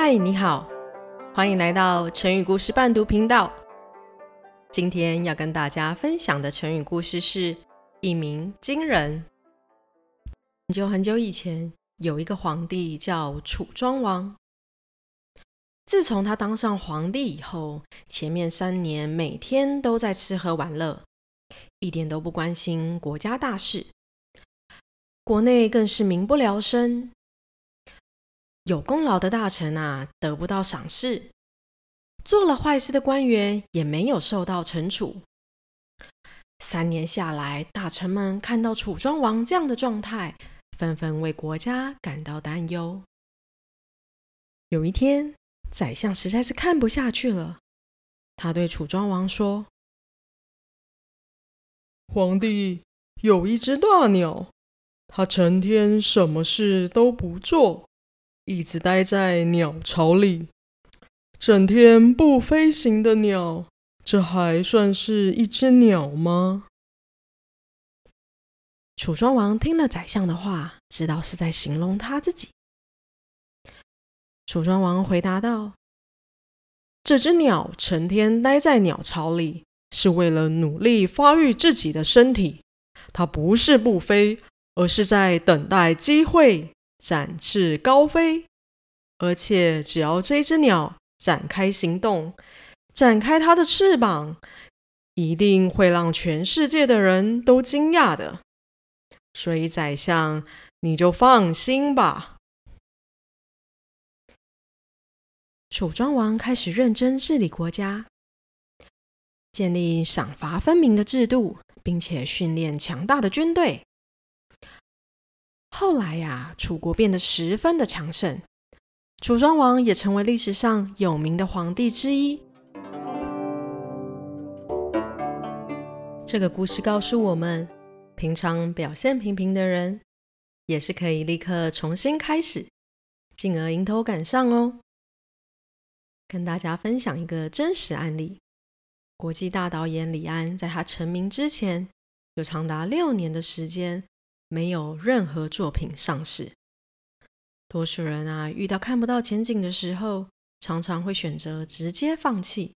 嗨，Hi, 你好，歡迎來到成語故事伴讀頻道。今天要跟大家分享的成語故事是“一鳴驚人”。很久很久以前，有一個皇帝叫楚莊王。自從他當上皇帝以後，前面三年每天都在吃喝玩樂，一點都不關心國家大事，國內更是民不聊生。有功勞的大臣啊，得不到賞識；做了壞事的官員也沒有受到懲處。三年下來，大臣們看到楚莊王這樣的狀態，紛紛為國家感到擔憂。有一天，宰相實在是看不下去了，他對楚莊王說：“皇帝有一隻大鳥，它成天什麼事都不做。”一直待在鳥巢裡，整天不飛行的鳥，這還算是一隻鳥嗎？楚莊王聽了宰相的話，知道是在形容他自己。楚莊王回答道：“這隻鳥成天待在鳥巢裡，是為了努力發育自己的身體。它不是不飛，而是在等待機會。”展翅高飛，而且只要這隻鳥展開行動，展開它的翅膀，一定會讓全世界的人都驚訝的。所以宰相，你就放心吧。楚莊王開始認真治理國家，建立賞罰分明的制度，並且訓練強大的軍隊。後來呀，楚國變得十分的強盛，楚莊王也成為歷史上有名的皇帝之一。這個故事告訴我們，平常表現平平的人，也是可以立刻重新開始，進而迎頭趕上哦。跟大家分享一個真實案例：國際大導演李安，在他成名之前，有長達六年的時間。沒有任何作品上市。多數人啊，遇到看不到前景的時候，常常會選擇直接放棄。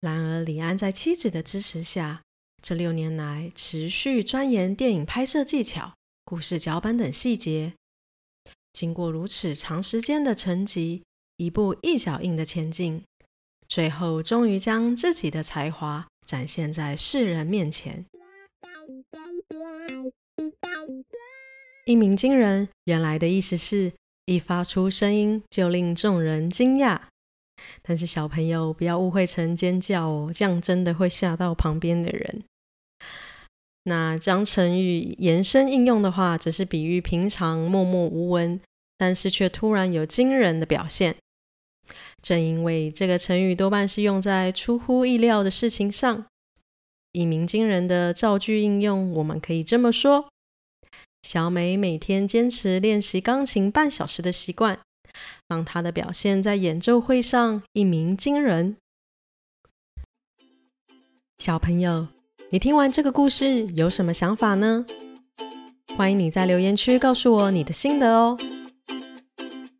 然而，李安在妻子的支持下，這六年來持續鑽研電影拍攝技巧、故事腳本等細節。經過如此長時間的沉寂，一步一腳印的前進，最後終於將自己的才華展現在世人面前。一鳴驚人，原來的意思是一發出聲音就令眾人驚訝。但是小朋友不要誤會成尖叫哦，這樣真的會嚇到旁邊的人。那將成語延伸應用的話，只是比喻平常默默無聞，但是卻突然有驚人的表現。正因為這個成語多半是用在出乎意料的事情上。一鳴驚人的造句應用，我們可以這麼說：小美每天堅持練習鋼琴半小時的習慣，讓她的表現在演奏會上一鳴驚人。小朋友，你聽完這個故事有什麼想法呢？歡迎你在留言區告訴我你的心得哦。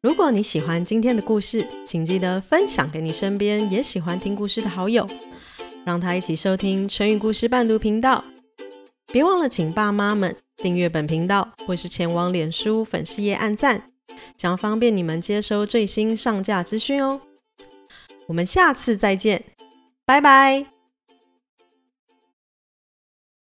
如果你喜歡今天的故事，請記得分享給你身邊也喜歡聽故事的好友。讓他一起收聽成語故事伴讀頻道，別忘了請爸媽們訂閱本頻道，或是前往臉書粉絲頁按讚，將方便你們接收最新上架資訊哦。我們下次再見，拜拜。